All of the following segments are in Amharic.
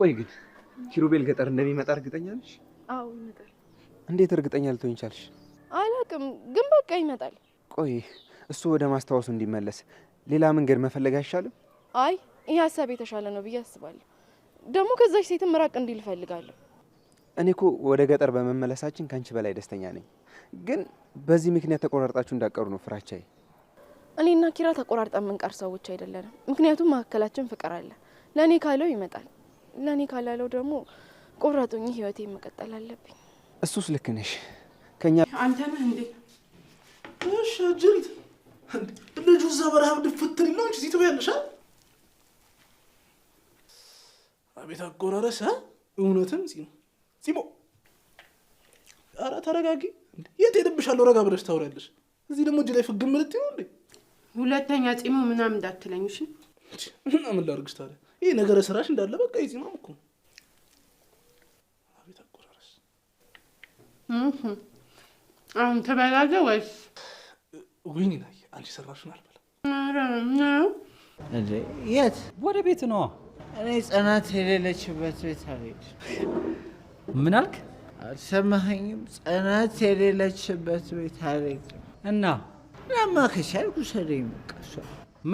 ቆይ ግን ኪሩቤል ገጠር እንደሚመጣ እርግጠኛ ነሽ? አዎ ይመጣል። እንዴት እርግጠኛ ልትሆኝ ቻልሽ? ግን በቃ ይመጣል። ቆይ እሱ ወደ ማስታወሱ እንዲመለስ ሌላ መንገድ መፈለግ አይሻልም? አይ ይህ ሀሳብ የተሻለ ነው ብዬ አስባለሁ። ደግሞ ከዛች ሴትም ራቅ እንዲል እፈልጋለሁ። እኔ እኮ ወደ ገጠር በመመለሳችን ከአንቺ በላይ ደስተኛ ነኝ። ግን በዚህ ምክንያት ተቆራርጣችሁ እንዳቀሩ ነው ፍራቻዬ። እኔና ኪራ ተቆራርጠን የምንቀር ሰዎች አይደለንም። ምክንያቱም መካከላችን ፍቅር አለ። ለእኔ ካለው ይመጣል ለእኔ ካላለው ደግሞ ቆራጡኝ ህይወቴ መቀጠል አለብኝ። እሱስ ልክ ነሽ። ከኛ አንተ ነህ እንዴ ሻጅሪት ልጁ እዛ በረሃብ ድፍትል ነው እንጂ ዚቱ ያለሻ አቤት አጎራረስ እውነትም ሲሞ ሲሞ ኧረ ተረጋጊ የት ሄድብሻለሁ ረጋ ብለሽ ታውሪያለሽ እዚህ ደግሞ እጅ ላይ ፍግ ምልት ነው እንዴ ሁለተኛ ጺሞ ምናምን እንዳትለኝ እሺ ምናምን ላርግሽ ታዲያ ይህ ነገረ ስራሽ እንዳለ በቃ የዚማም እኮ አቤት አቆራረስ። አሁን ትበላለህ ወይስ ወይኔ? ናይ አንቺ ሰራሽን አልበላም። የት ወደ ቤት ነዋ። እኔ ጽናት የሌለችበት ቤት አልሄድ። ምን አልክ? አልሰማኸኝም? ጽናት የሌለችበት ቤት አልሄድ እና ለማከሻ አልኩ ሰደኝ መቀሷ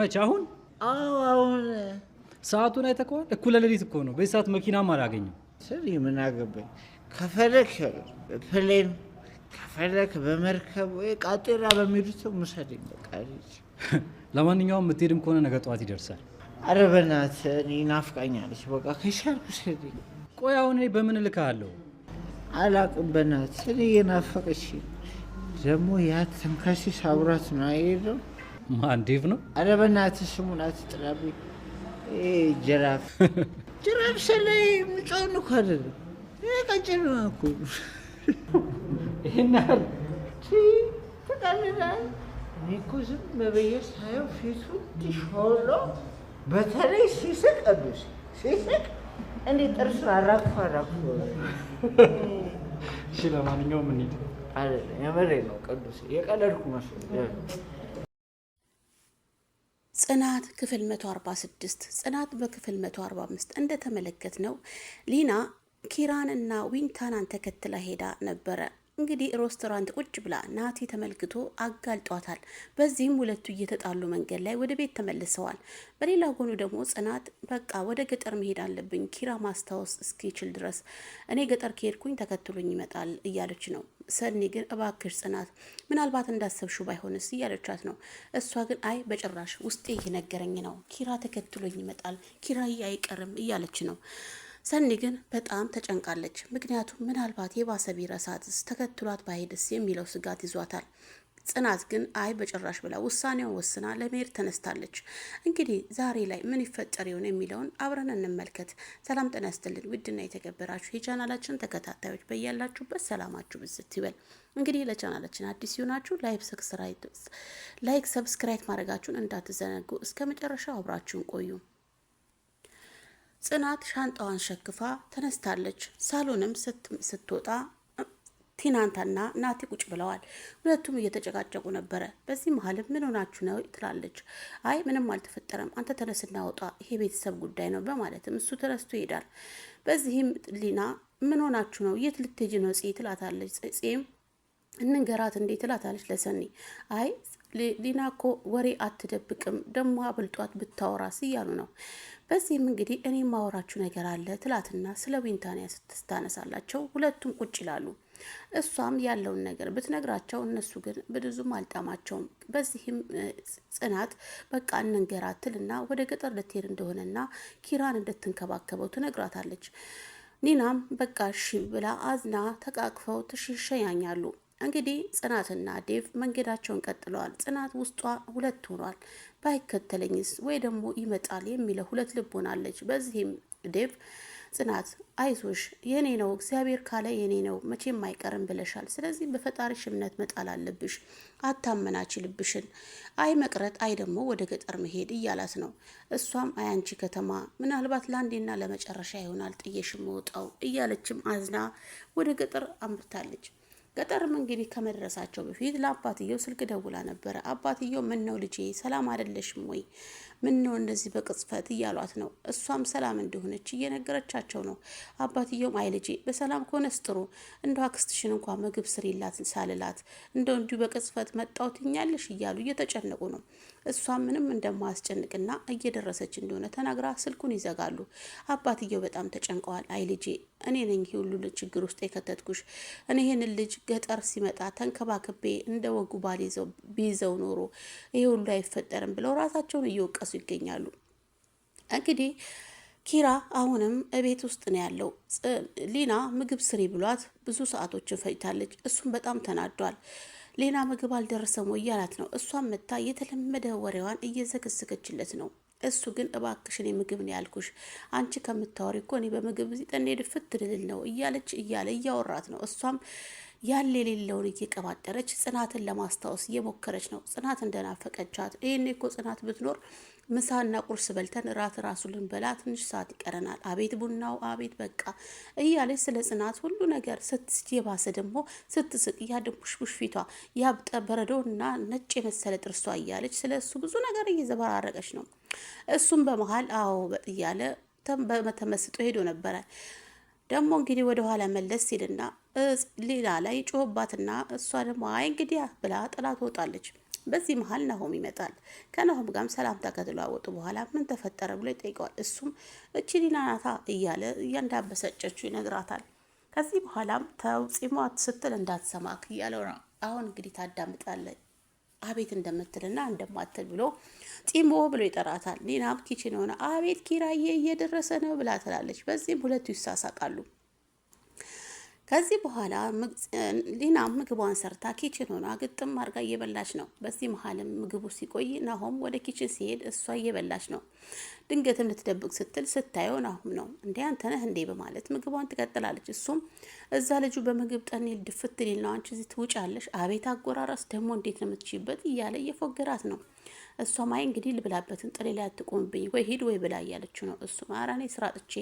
መች አሁን አዎ አሁን ሰዓቱን አይተከዋል። እኩለ ሌሊት እኮ ነው። በዚህ ሰዓት መኪናም አላገኘም። ስር ምን አገባኝ። ከፈለክ ፕሌን፣ ከፈለክ በመርከብ ወይ ቃጤራ በሚሄዱት ሙሰደኝ። በቃ ለማንኛውም የምትሄድም ከሆነ ነገ ጠዋት ይደርሳል። አረ በእናትህ እኔ ናፍቃኛለች። በቃ ከሻል ሙሰደኝ። ቆይ አሁን እኔ በምን እልክሃለሁ? አላቅም። በእናትህ እኔ የናፈቀች ደግሞ ያ ተንካሴ ሳብራት ነው አይሄድም። ማንዴቭ ነው። አረ በእናትህ ስሙን አትጥላብኝ። ጅራፍ ጅራፍ ሰላይ የሚጫውን እኮ አይደለም፣ ቀጭን እኮ ይህን ያህል እኔ እኮ ዝም ሳየው ፊቱ ሾሎ፣ በተለይ ሲስቅ ቅዱስ ሲስቅ እንዴ ጥርሱ አራኩ አራግፎ። እሺ ለማንኛውም እንሂድ። የምሬ ነው ቅዱስ የቀለድኩ መስሎኝ ጽናት ክፍል 146 ጽናት በክፍል 145 እንደተመለከት ነው ሊና ኪራን እና ዊንታናን ተከትላ ሄዳ ነበረ። እንግዲህ ሬስቶራንት ቁጭ ብላ ናቲ ተመልክቶ አጋልጧታል። በዚህም ሁለቱ እየተጣሉ መንገድ ላይ ወደ ቤት ተመልሰዋል። በሌላ ጎኑ ደግሞ ጽናት በቃ ወደ ገጠር መሄድ አለብኝ ኪራ ማስታወስ እስኪችል ድረስ እኔ ገጠር ከሄድኩኝ ተከትሎኝ ይመጣል እያለች ነው። ሰኒ ግን እባክሽ ጽናት ምናልባት እንዳሰብሹ ባይሆንስ እያለቻት ነው። እሷ ግን አይ በጭራሽ ውስጤ እየነገረኝ ነው ኪራ ተከትሎኝ ይመጣል ኪራዬ አይቀርም እያለች ነው። ሰኒ ግን በጣም ተጨንቃለች። ምክንያቱም ምናልባት የባሰ ቢረሳትስ ተከትሏት ባይሄድስ የሚለው ስጋት ይዟታል። ጽናት ግን አይ በጭራሽ ብላ ውሳኔውን ወስና ለመሄድ ተነስታለች። እንግዲህ ዛሬ ላይ ምን ይፈጠር ይሆን የሚለውን አብረን እንመልከት። ሰላም ጤና ይስጥልን ውድና የተከበራችሁ የቻናላችን ተከታታዮች በያላችሁበት ሰላማችሁ ብዝት ይበል። እንግዲህ ለቻናላችን አዲስ ሲሆናችሁ ላይክ፣ ሰብስክራይብ ማድረጋችሁን እንዳትዘነጉ። እስከ መጨረሻው አብራችሁን ቆዩ። ጽናት ሻንጣዋን ሸክፋ ተነስታለች። ሳሎንም ስትወጣ ቲናንታና ናቲ ቁጭ ብለዋል። ሁለቱም እየተጨቃጨቁ ነበረ። በዚህ መሀልም ምን ሆናችሁ ነው ትላለች። አይ ምንም አልተፈጠረም፣ አንተ ተነስና ወጣ ይሄ ቤተሰብ ጉዳይ ነው በማለትም እሱ ተነስቶ ይሄዳል። በዚህም ሊና ምን ሆናችሁ ነው? የት ልትሄጂ ነው? ጽ ትላታለች። ጽም እንንገራት እንዴ ትላታለች ለሰኒ። አይ ሊና እኮ ወሬ አትደብቅም፣ ደሞ አብልጧት ብታወራስ እያሉ ነው። በዚህም እንግዲህ እኔ ማወራችሁ ነገር አለ ትላትና ስለ ዊንታንያ ስታነሳላቸው ሁለቱም ቁጭ ይላሉ። እሷም ያለውን ነገር ብትነግራቸው እነሱ ግን ብዙም አልጣማቸውም። በዚህም ጽናት በቃ ትልና ወደ ገጠር ልትሄድ እንደሆነና ኪራን እንድትንከባከበው ትነግራታለች። ኒናም በቃ እሺ ብላ አዝና ተቃቅፈው ትሽሸያኛሉ። እንግዲህ ጽናትና ዴቭ መንገዳቸውን ቀጥለዋል። ጽናት ውስጧ ሁለት ሆኗል። ባይከተለኝስ ወይ ደግሞ ይመጣል የሚለው ሁለት ልቦና በዚህም ዴቭ ጽናት አይዞሽ፣ የኔ ነው እግዚአብሔር ካለ የኔ ነው መቼም አይቀርም ብለሻል። ስለዚህ በፈጣሪሽ እምነት መጣል አለብሽ፣ አታመናች ልብሽን። አይ መቅረት አይ ደግሞ ወደ ገጠር መሄድ እያላት ነው። እሷም አይ አንቺ ከተማ ምናልባት ለአንዴና ለመጨረሻ ይሆናል ጥየሽ መውጣው እያለችም አዝና ወደ ገጠር አምርታለች። ገጠርም እንግዲህ ከመድረሳቸው በፊት ለአባትየው ስልክ ደውላ ነበረ። አባትየው ምን ነው ልጄ ሰላም አይደለሽም ወይ? ምን ነው እንደዚህ በቅጽፈት እያሏት ነው። እሷም ሰላም እንደሆነች እየነገረቻቸው ነው። አባትየውም አይ ልጄ በሰላም ከሆነስ ጥሩ፣ እንደው አክስትሽን እንኳ ምግብ ስሪላት ሳልላት እንደው እንዲሁ በቅጽፈት መጣውትኛለሽ እያሉ እየተጨነቁ ነው። እሷ ምንም እንደማያስጨንቅና እየደረሰች እንደሆነ ተናግራ ስልኩን ይዘጋሉ። አባትየው በጣም ተጨንቀዋል። አይ ልጄ እኔ ነኝ ሁሉ ችግር ውስጥ የከተትኩሽ። እኔ ይህን ልጅ ገጠር ሲመጣ ተንከባክቤ እንደ ወጉ ባል ቢይዘው ኖሮ ይሄ ሁሉ አይፈጠርም ብለው ራሳቸውን እየወቀሱ ይገኛሉ። እንግዲህ ኪራ አሁንም እቤት ውስጥ ነው ያለው። ሊና ምግብ ስሪ ብሏት ብዙ ሰዓቶችን ፈጅታለች። እሱም በጣም ተናዷል። ሌላ ምግብ አልደረሰም ወይ እያላት ነው። እሷም መታ የተለመደ ወሬዋን እየዘገዘገችለት ነው። እሱ ግን እባክሽ እኔ ምግብ ነው ያልኩሽ፣ አንቺ ከምታወሪ እኮ እኔ በምግብ ጠኔ ድፍት ትልል ነው እያለች እያለ እያወራት ነው። እሷም ያለ የሌለውን እየቀባጠረች ጽናትን ለማስታወስ እየሞከረች ነው። ጽናት እንደናፈቀቻት ይህኔ እኮ ጽናት ብትኖር ምሳና ቁርስ በልተን እራት ራሱ ልንበላ ትንሽ ሰዓት ይቀረናል። አቤት ቡናው፣ አቤት በቃ እያለች ስለ ጽናት ሁሉ ነገር ስትስጅ፣ የባሰ ደግሞ ስትስቅ ያ ድንቡሽቡሽ ፊቷ ያብጠ በረዶ እና ነጭ የመሰለ ጥርሷ እያለች ስለ እሱ ብዙ ነገር እየዘበራረቀች ነው። እሱም በመሀል አዎ እያለ በመተመስጦ ሄዶ ነበረ። ደግሞ እንግዲህ ወደኋላ መለስ ሲልና ሌላ ላይ ጮህባትና እሷ ደግሞ አይ እንግዲህ ብላ ጥላ ትወጣለች። በዚህ መሀል ናሆም ይመጣል። ከናሆም ጋርም ሰላምታ ከተለዋወጡ በኋላ ምን ተፈጠረ ብሎ ይጠይቀዋል። እሱም እቺ ሊና ናታ እያለ እያንዳበሰጨችው ይነግራታል። ከዚህ በኋላም ተውፂሟት ስትል እንዳትሰማክ እያለው ነው። አሁን እንግዲህ ታዳምጣለች አቤት እንደምትልና እንደማትል ብሎ ጢሞ ብሎ ይጠራታል። ሊናም ኪችን ሆነ አቤት ኪራዬ እየደረሰ ነው ብላ ትላለች። በዚህም ሁለቱ ይሳሳቃሉ። ከዚህ በኋላ ሊና ምግቧን ሰርታ ኪችን ሆኗ ግጥም አድርጋ እየበላች ነው። በዚህ መሀልም ምግቡ ሲቆይ ናሆም ወደ ኪችን ሲሄድ እሷ እየበላች ነው። ድንገትም ልትደብቅ ስትል ስታየው ናሆም ነው እንዴ አንተ ነህ እንዴ በማለት ምግቧን ትቀጥላለች። እሱም እዛ ልጁ በምግብ ጠኔል ድፍት ሊል ነው አንቺ እዚህ ትውጫለሽ፣ አቤት አጎራረስ ደግሞ እንዴት ነው የምትችይበት እያለ እየፎገራት ነው። እሷ ማይ እንግዲህ ልብላበትን ጥሌ ላይ አትቆምብኝ ወይ ሂድ ወይ ብላ እያለችው ነው። እሱም ኧረ እኔ ስራ ጥቼ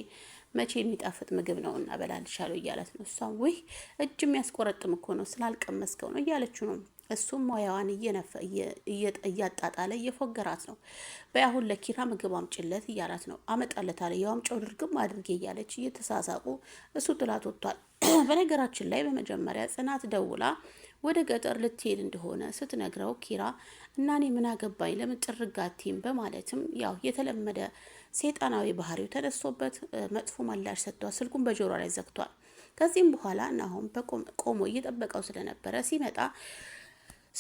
መቼ የሚጣፍጥ ምግብ ነው እና በላልሻለሁ እያለት ነው። እሷ ውይ እጅ የሚያስቆረጥም እኮ ነው ስላልቀመስከው ነው እያለችው ነው። እሱም ሙያዋን እያጣጣለ እየፎገራት ነው። በያሁን ለኪራ ምግብ አምጭለት እያላት ነው። አመጣለት አለ ያው ድርግም አድርጌ እያለች እየተሳሳቁ እሱ ጥላት ወጥቷል። በነገራችን ላይ በመጀመሪያ ጽናት ደውላ ወደ ገጠር ልትሄድ እንደሆነ ስትነግረው ኪራ እና እኔ ምን አገባኝ ለምን ጥርጋቲም በማለትም ያው የተለመደ ሴጣናዊ ባህሪው ተነስቶበት መጥፎ ምላሽ ሰጥቷል። ስልኩን በጆሮ ላይ ዘግቷል። ከዚህም በኋላ ናሆም ቆሞ እየጠበቀው ስለነበረ ሲመጣ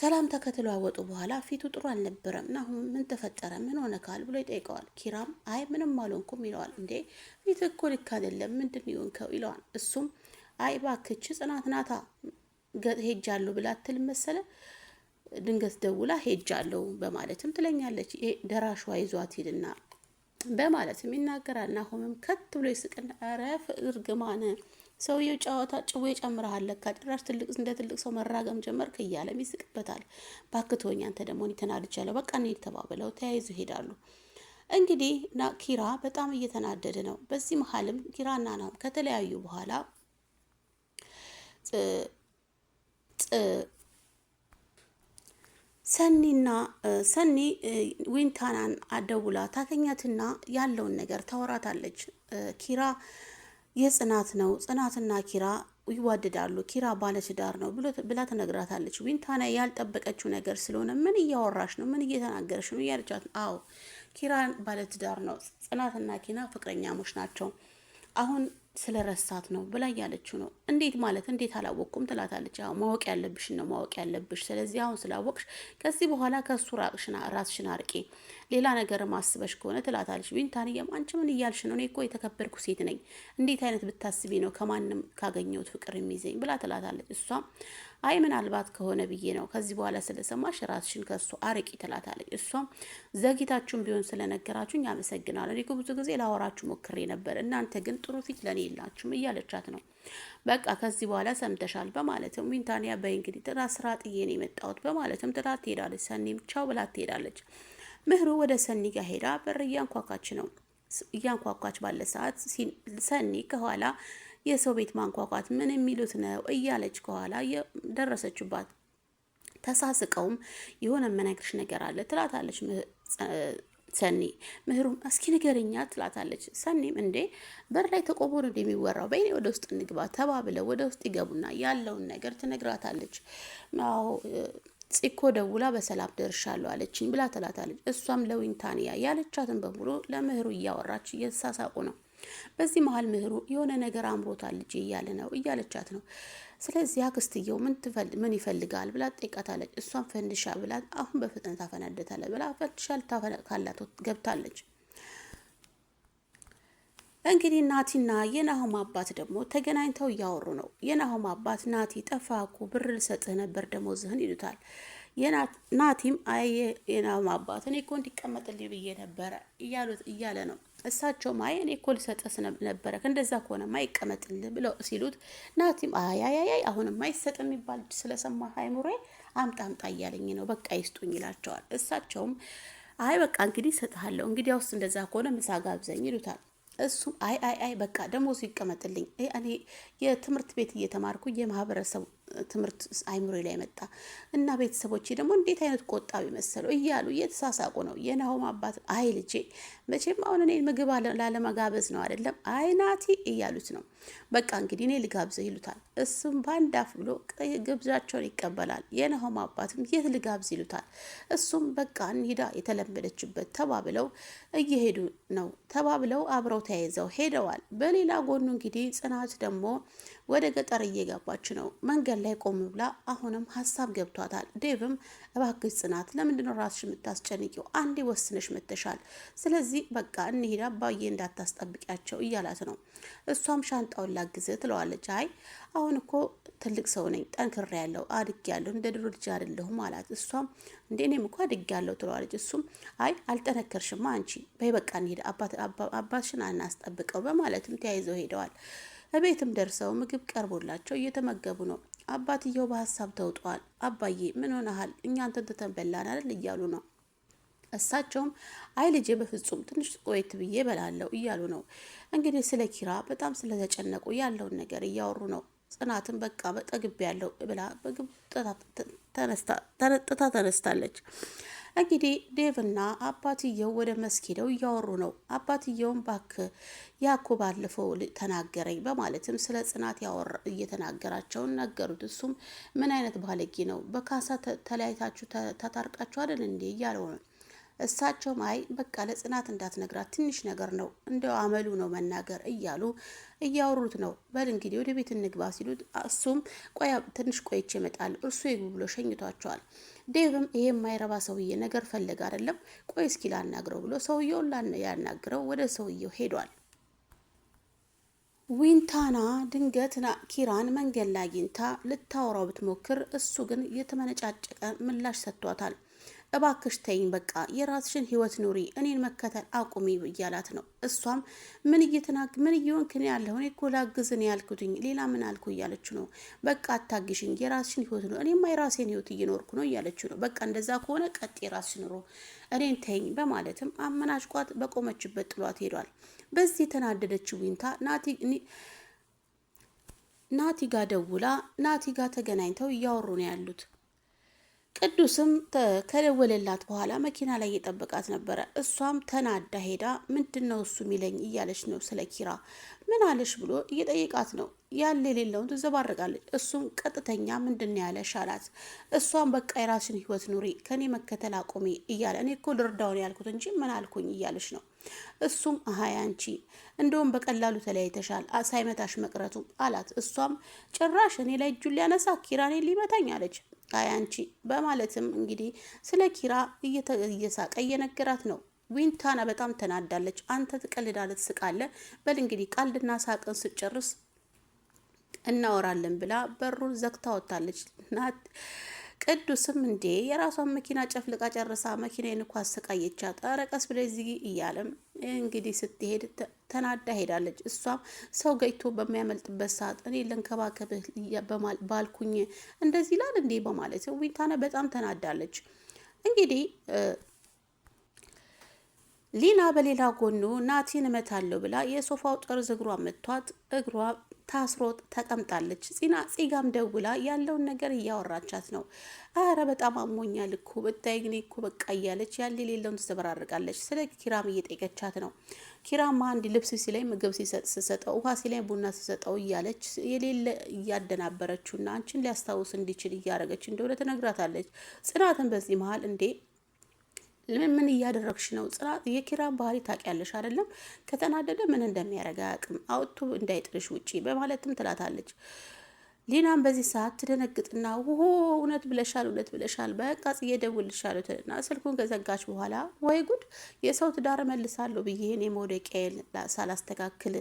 ሰላም ከተለዋወጡ በኋላ ፊቱ ጥሩ አልነበረም። ናሁም ምን ተፈጠረ ምን ሆነ ካል ብሎ ይጠይቀዋል። ኪራም አይ ምንም አልሆንኩም ይለዋል። እንዴ ፊት እኮ ልክ አይደለም ምንድን ይሆንከው ይለዋል። እሱም አይ ባክች ጽናት ናታ ሄጃለሁ ብላ ትል መሰለ ድንገት ደውላ ሄጃለሁ በማለትም ትለኛለች። ደራሿ ይዟት ሂድና በማለትም ይናገራል። ናሆምም ከት ብሎ ይስቅና ኧረ እርግማን ሰውየው ጨዋታ ጭዌ ጨምረሃል ለካ ጭራሽ ትልቅ እንደ ትልቅ ሰው መራገም ጀመርክ እያለም ይስቅበታል። ባክቶኛ አንተ ደግሞ እኔ ተናድጃለሁ፣ በቃ እንሂድ ተባብለው ተያይዞ ይሄዳሉ። እንግዲህ ና ኪራ በጣም እየተናደደ ነው። በዚህ መሀልም ኪራና ናሆም ከተለያዩ በኋላ ሰኒና ሰኒ ዊንታናን አደውላ ታገኛትና ያለውን ነገር ታወራታለች። ኪራ የጽናት ነው፣ ጽናትና ኪራ ይዋደዳሉ፣ ኪራ ባለትዳር ነው ብላ ትነግራታለች። ዊንታና ያልጠበቀችው ነገር ስለሆነ ምን እያወራሽ ነው? ምን እየተናገረች ነው? እያለቻት አዎ ኪራ ባለትዳር ነው፣ ጽናትና ኪራ ፍቅረኛሞች ናቸው አሁን ስለረሳት ነው ብላ እያለችው ነው። እንዴት ማለት እንዴት አላወቅኩም ትላታለች። ያው ማወቅ ያለብሽ ነው ማወቅ ያለብሽ። ስለዚህ አሁን ስላወቅሽ ከዚህ በኋላ ከሱ ራስሽን አርቄ ሌላ ነገር ማስበሽ ከሆነ ትላታለች። ቢንታንየም አንቺ ምን እያልሽ ነው? እኔ እኮ የተከበርኩ ሴት ነኝ። እንዴት አይነት ብታስቢ ነው ከማንም ካገኘሁት ፍቅር የሚይዘኝ ብላ ትላታለች። እሷም አይ ምናልባት ከሆነ ብዬ ነው ከዚህ በኋላ ስለሰማሽ ራስሽን ከሱ አርቂ ትላታለች። እሷም ዘግይታችሁም ቢሆን ስለነገራችሁኝ አመሰግናለሁ። እኔ ብዙ ጊዜ ላወራችሁ ሞክሬ ነበር፣ እናንተ ግን ጥሩ ፊት ለእኔ የላችሁም እያለቻት ነው። በቃ ከዚህ በኋላ ሰምተሻል በማለትም ዊንታንያ በይ እንግዲህ ጥራት ስራ ጥዬ ነው የመጣሁት በማለትም ጥራት ትሄዳለች። ሰኒም ቻው ብላት ትሄዳለች። ምህሩ ወደ ሰኒ ጋር ሄዳ በር እያንኳኳች ነው። እያንኳኳች ባለ ሰዓት ሰኒ ከኋላ የሰው ቤት ማንኳኳት ምን የሚሉት ነው እያለች ከኋላ ደረሰችባት። ተሳስቀውም የሆነ መነግርሽ ነገር አለ ትላታለች ሰኔ ምህሩን እስኪ ንገረኛ ትላታለች። ሰኔም እንዴ በር ላይ ተቆሞ ነው የሚወራው፣ በይኔ ወደ ውስጥ እንግባ ተባብለው ወደ ውስጥ ይገቡና ያለውን ነገር ትነግራታለች። አዎ ጽኮ ደውላ በሰላም ደርሻለሁ አለችኝ ብላ ትላታለች። እሷም ለዊንታንያ ያለቻትን በሙሉ ለምህሩ እያወራች እየተሳሳቁ ነው። በዚህ መሀል ምህሩ የሆነ ነገር አምሮታል ልጄ እያለ ነው እያለቻት ነው ስለዚህ አክስትየው ምን ይፈልጋል ብላ ጠይቃታለች። እሷን ፈንድሻ ብላ አሁን በፍጥነት አፈነደታለ ብላ ፈንድሻ ልታፈነካላት ገብታለች። እንግዲህ ናቲና የናሆም አባት ደግሞ ተገናኝተው እያወሩ ነው። የናሆም አባት ናቲ ጠፋ እኮ ብር ልሰጥህ ነበር ደሞዝህን ይሉታል። ናቲም አየ የናም አባት እኔ እኮ እንዲቀመጥልኝ ብዬ ነበረ እያሉት እያለ ነው። እሳቸውም አይ እኔ እኮ ልሰጠስ ነበረ እንደዛ ከሆነማ ይቀመጥልህ ብለው ሲሉት ናቲም አያያያይ አሁንማ ይሰጥ የሚባል ስለሰማ አይምሮ አምጣ አምጣ እያለኝ ነው በቃ ይስጡኝ ይላቸዋል። እሳቸውም አይ በቃ እንግዲህ እሰጥሃለሁ እንግዲያውስ እንደዛ ከሆነ ምሳ ጋብዘኝ ይሉታል። እሱም አይ አይ አይ በቃ ደሞዙ ይቀመጥልኝ እኔ የትምህርት ቤት እየተማርኩ የማህበረሰቡ ትምህርት አይምሮ ላይ መጣ እና ቤተሰቦቼ ደግሞ እንዴት አይነት ቆጣቢ መሰለው እያሉ እየተሳሳቁ ነው። የናሆም አባት አይ ልጄ መቼም አሁን እኔ ምግብ ላለመጋበዝ ነው አይደለም፣ አይናቲ እያሉት ነው። በቃ እንግዲህ እኔ ልጋብዘ ይሉታል። እሱም በአንድ አፍ ብሎ ግብዣቸውን ይቀበላል። የነሆም አባትም የት ልጋብዝ ይሉታል። እሱም በቃ እንሂዳ የተለመደችበት ተባብለው እየሄዱ ነው። ተባብለው አብረው ተያይዘው ሄደዋል። በሌላ ጎኑ እንግዲህ ጽናት ደግሞ ወደ ገጠር እየገባች ነው። መንገድ ላይ ቆም ብላ አሁንም ሀሳብ ገብቷታል። ዴቭም እባክሽ ጽናት ለምንድነው ራስሽ የምታስጨንቂው? አንዴ ወስነሽ መተሻል። ስለዚህ ስለዚህ በቃ እንሂድ አባዬ እንዳታስጠብቂያቸው እያላት ነው። እሷም ሻንጣውን ላግዝ ትለዋለች። አይ አሁን እኮ ትልቅ ሰው ነኝ፣ ጠንክር ያለው አድግ ያለሁ እንደ ድሮ ልጅ አይደለሁም አላት። እሷም እንደ እኔም እኮ አድግ ያለው ትለዋለች። እሱም አይ አልጠነከርሽማ አንቺ በይ በቃ እንሂድ አባትሽን አናስጠብቀው በማለትም ተያይዘው ሄደዋል። እቤትም ደርሰው ምግብ ቀርቦላቸው እየተመገቡ ነው። አባትየው በሀሳብ ተውጠዋል። አባዬ ምን ሆነሃል? እኛ አንተን ትተን በላን አይደል እያሉ ነው እሳቸውም አይ ልጄ በፍጹም ትንሽ ቆየት ብዬ በላለው እያሉ ነው። እንግዲህ ስለ ኪራ በጣም ስለተጨነቁ ያለውን ነገር እያወሩ ነው። ጽናትን በቃ በጠግብ ያለው ብላ በግብ ጥታ ተነስታለች። እንግዲህ ዴቭና አባትየው ወደ መስኪደው እያወሩ ነው። አባትየውም ባክ ያኮ ባለፈው ተናገረኝ በማለትም ስለ ጽናት እየተናገራቸውን ነገሩት። እሱም ምን አይነት ባለጌ ነው፣ በካሳ ተለያይታችሁ ተታርቃችሁ አይደል እንዴ እያለው ነው እሳቸውም አይ በቃ ለጽናት እንዳትነግራት ትንሽ ነገር ነው እንደው አመሉ ነው መናገር እያሉ እያወሩት ነው። በል እንግዲህ ወደ ቤት እንግባ ሲሉት እሱም ቆያ ትንሽ ቆይቼ እመጣለሁ እርሱ ይግቡ ብሎ ሸኝቷቸዋል። ዴቭም ይሄ የማይረባ ሰውዬ ነገር ፈለግ አይደለም ቆይ እስኪ ላናግረው ብሎ ሰውየውን ያናግረው ወደ ሰውየው ሄዷል። ዊንታና ድንገት ኪራን መንገድ ላይ አግኝታ ልታወራው ብትሞክር እሱ ግን የተመነጫጨቀ ምላሽ ሰጥቷታል። እባክሽ ተይኝ፣ በቃ የራስሽን ህይወት ኑሪ፣ እኔን መከተል አቁሚ እያላት ነው። እሷም ምን እየተናግ ምን እየሆንክ ነው ያለሁ? እኔ እኮ ላግዝ ያልኩትኝ፣ ሌላ ምን አልኩ እያለች ነው። በቃ አታግሽኝ፣ የራስሽን ህይወት ነው፣ እኔማ የራሴን ህይወት እየኖርኩ ነው እያለች ነው። በቃ እንደዛ ከሆነ ቀጥ የራስሽ ኑሮ፣ እኔን ተይኝ በማለትም አመናጭቋት በቆመችበት ጥሏት ሄዷል። በዚህ የተናደደችው ዊንታ ናቲ ናቲ ጋ ደውላ ናቲ ጋ ተገናኝተው እያወሩ ነው ያሉት። ቅዱስም ከደወለላት በኋላ መኪና ላይ እየጠበቃት ነበረ። እሷም ተናዳ ሄዳ ምንድን ነው እሱ የሚለኝ እያለች ነው። ስለ ኪራ ምን አለሽ ብሎ እየጠየቃት ነው። ያለ የሌለውን ትዘባርቃለች። እሱም ቀጥተኛ ምንድን ነው ያለሽ አላት። እሷም በቃ የራስሽን ህይወት ኑሪ ከኔ መከተል አቁሚ እያለ እኔ እኮ ልርዳውን ያልኩት እንጂ ምን አልኩኝ እያለች ነው። እሱም አሃ አንቺ እንደውም በቀላሉ ተለያይተሻል ሳይመታሽ መቅረቱ አላት። እሷም ጭራሽ እኔ ላይ እጁን ሊያነሳ ኪራኔ ሊመታኝ አለች። አያንቺ በማለትም እንግዲህ ስለ ኪራ እየሳቀ እየነገራት ነው። ዊንታና በጣም ተናዳለች። አንተ ትቀልዳለት ትስቃለህ። በል እንግዲህ ቀልድና ሳቅን ስጨርስ እናወራለን ብላ በሩን ዘግታ ወጥታለች። ቅዱስም እንዴ የራሷን መኪና ጨፍልቃ ጨርሳ መኪናዬን እኮ አሰቃየቻት፣ ጠረቀስ ቀስ ብለሽ እያለም እንግዲህ ስትሄድ ተናዳ ሄዳለች። እሷም ሰው ገጭቶ በሚያመልጥበት ሰዓት እኔ ልንከባከብህ ባልኩኝ እንደዚህ ይላል እንዴ በማለት ዊንታና በጣም ተናዳለች። እንግዲህ ሊና በሌላ ጎኑ ናቲን እመታለሁ ብላ የሶፋው ጠርዝ እግሯ መቷት እግሯ ታስሮ ተቀምጣለች። ጽና ጽጋም ደውላ ያለውን ነገር እያወራቻት ነው። አረ በጣም አሞኛል እኮ ብታይ ግን እኮ በቃ እያለች ያለ የሌለውን ትዘበራርቃለች። ስለ ኪራም እየጠየቀቻት ነው። ኪራም አንድ ልብስ ሲላይ ምግብ ሲሰጠው፣ ውሃ ሲላይ ቡና ሲሰጠው እያለች የሌለ እያደናበረችውና አንቺን ሊያስታውስ እንዲችል እያደረገች እንደሆነ ትነግራታለች። ጽናትን በዚህ መሀል እንዴ ምን እያደረግሽ ነው? ጽናት የኪራን ባህሪ ታውቂያለሽ አይደለም? ከተናደደ ምን እንደሚያደርግ አያውቅም። አውጥቶ እንዳይጥልሽ ውጪ በማለትም ትላታለች። ሊናም በዚህ ሰዓት ትደነግጥና ውሆ እውነት ብለሻል፣ እውነት ብለሻል፣ በቃ ጽዬ እደውልልሻለሁ ትልና ስልኩን ከዘጋች በኋላ ወይ ጉድ የሰው ትዳር መልሳለሁ ብዬ እኔ መውደቂያዬን ሳላስተካክል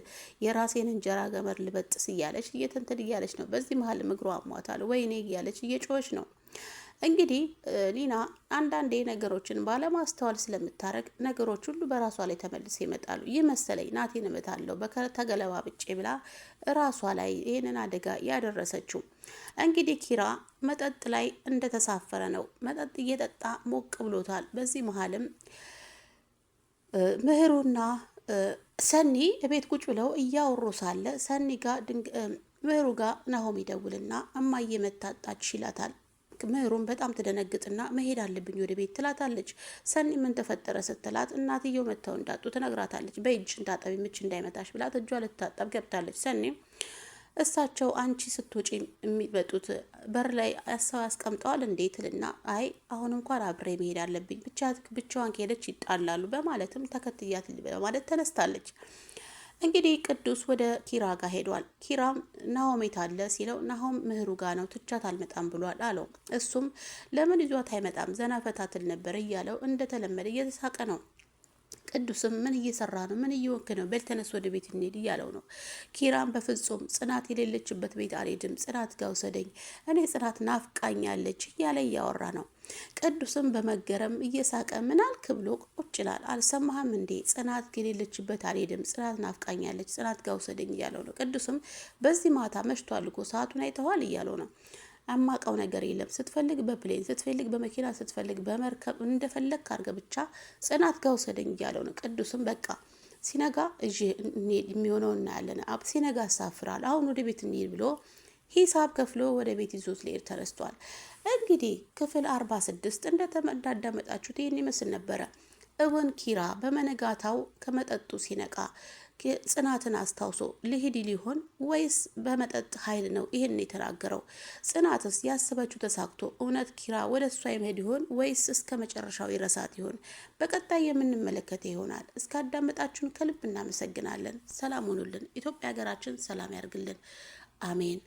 የራሴን እንጀራ ገመር ልበጥስ እያለች እየተንትል እያለች ነው። በዚህ መሀል ምግሯ አሟታል ወይኔ እያለች እየጮኸች ነው። እንግዲህ ሊና አንዳንዴ ነገሮችን ባለማስተዋል ስለምታረግ ነገሮች ሁሉ በራሷ ላይ ተመልሰው ይመጣሉ። ይህ መሰለኝ ናቴን እመታለሁ በተገለባብጬ ብላ ራሷ ላይ ይህንን አደጋ ያደረሰችው። እንግዲህ ኪራ መጠጥ ላይ እንደተሳፈረ ነው። መጠጥ እየጠጣ ሞቅ ብሎታል። በዚህ መሀልም ምህሩና ሰኒ ቤት ቁጭ ብለው እያወሩ ሳለ ሰኒ ጋር ምህሩ ጋር ናሆም ይደውልና እማዬ መታጣች ይላታል። ምህሩን በጣም ትደነግጥና መሄድ አለብኝ ወደ ቤት ትላታለች። ሰኒ ምን ተፈጠረ ስትላት እናትየው መጥተው እንዳጡ ትነግራታለች። በእጅ ታጠቢ ምች እንዳይመታሽ ብላት እጇ ልትታጠብ ገብታለች። ሰኒ እሳቸው አንቺ ስትወጪ የሚመጡት በር ላይ ሰው ያስቀምጠዋል እንዴ ትልና አይ አሁን እንኳን አብሬ መሄድ አለብኝ ብቻዋን ከሄደች ይጣላሉ በማለትም ተከትያት በማለት ተነስታለች። እንግዲህ ቅዱስ ወደ ኪራ ጋር ሄዷል። ኪራም ናሆም አለ ሲለው ናሆም ምህሩ ጋ ነው ትቻት አልመጣም ብሏል አለው። እሱም ለምን ይዟት አይመጣም ዘና ፈታትል ነበር እያለው እንደተለመደ እየተሳቀ ነው። ቅዱስም ምን እየሰራ ነው? ምን እየወንክ ነው? በልተነስ ወደ ቤት እንሄድ እያለው ነው። ኪራም በፍጹም ጽናት የሌለችበት ቤት አልሄድም፣ ጽናት ጋር ውሰደኝ፣ እኔ ጽናት ናፍቃኛለች እያለ እያወራ ነው። ቅዱስም በመገረም እየሳቀ ምናልክ ብሎ ቁጭ ይላል። አልሰማህም እንዴ? ጽናት የሌለችበት አልሄድም፣ ጽናት ናፍቃኛለች፣ ጽናት ጋር ውሰደኝ እያለው ነው። ቅዱስም በዚህ ማታ መሽቷል እኮ ሰዓቱን አይተዋል እያለው ነው። አማቀው ነገር የለም። ስትፈልግ በፕሌን ስትፈልግ በመኪና ስትፈልግ በመርከብ እንደፈለግ ካርገ ብቻ ጽናት ጋር ውሰደኝ እያለው ነው። ቅዱስም በቃ ሲነጋ እዚህ እንሂድ የሚሆነው እናያለን። አብ ሲነጋ አሳፍራል አሁን ወደ ቤት እንሂድ ብሎ ሂሳብ ከፍሎ ወደ ቤት ይዞት ሊሄድ ተነስቷል። እንግዲህ ክፍል አርባ ስድስት እንዳዳመጣችሁት ይህን ይመስል ነበረ። እውን ኪራ በመነጋታው ከመጠጡ ሲነቃ ጽናትን አስታውሶ ልሂድ ሊሆን ወይስ በመጠጥ ኃይል ነው ይህን የተናገረው? ጽናትስ ያሰበችው ተሳክቶ እውነት ኪራ ወደ እሷ የመሄድ ይሆን ወይስ እስከ መጨረሻው ይረሳት ይሆን? በቀጣይ የምንመለከተ ይሆናል። እስካዳመጣችሁን ከልብ እናመሰግናለን። ሰላም ሆኑልን። ኢትዮጵያ ሀገራችን ሰላም ያርግልን። አሜን።